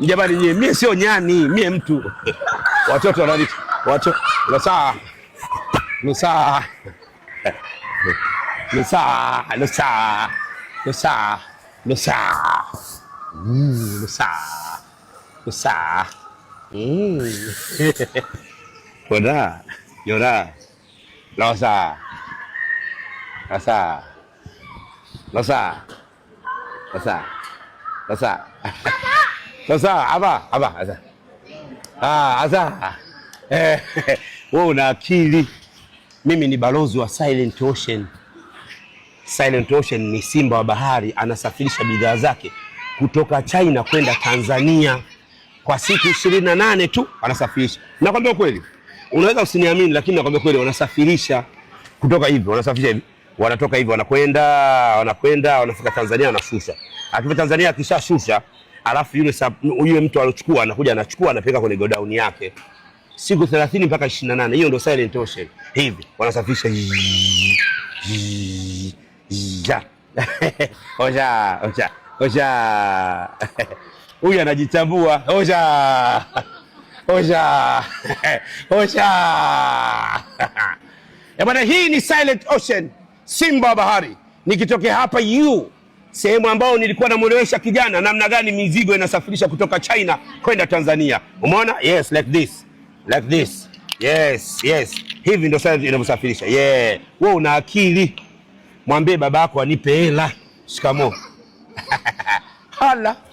Jamani nyie, mie sio nyani, mie mtu. Watoto wanalika watoto lusaa lusaa lusaa lusaa lusaa lusaa mm, lusaa mm. lusaa Yona Yona losaa losaa losaa losaa sasa sasa hapa hapa sasa, ah sasa eh, wewe una akili. Mimi ni balozi wa Silent Ocean. Silent Ocean ni simba wa bahari, anasafirisha bidhaa zake kutoka China kwenda Tanzania kwa siku ishirini na nane tu anasafirisha Nakwambia kweli, unaweza usiniamini, lakini nakwambia kweli wanasafirisha kutoka hivi, wanasafirisha hivi wanatoka hivyo, wanakwenda wanakwenda, wanafika Tanzania, wanashusha. Akifika Tanzania akishashusha, alafu yule yule mtu alochukua anakuja anachukua anapeka kwenye godown yake siku 30 mpaka 28. Hiyo ndio silent ocean, hivi wanasafisha ja oja oja oja, huyu anajitambua oja oja oja. Bwana, hii ni silent ocean simba wa bahari. Nikitokea hapa yu sehemu ambayo nilikuwa namwelewesha kijana namna gani mizigo inasafirisha kutoka China kwenda Tanzania. Umeona? Yes, like this. Like this. Yes, yes. Hivi ndio sasa inavyosafirisha. Yeah. Wewe una akili. Mwambie babako anipe hela. Shikamo. Hala.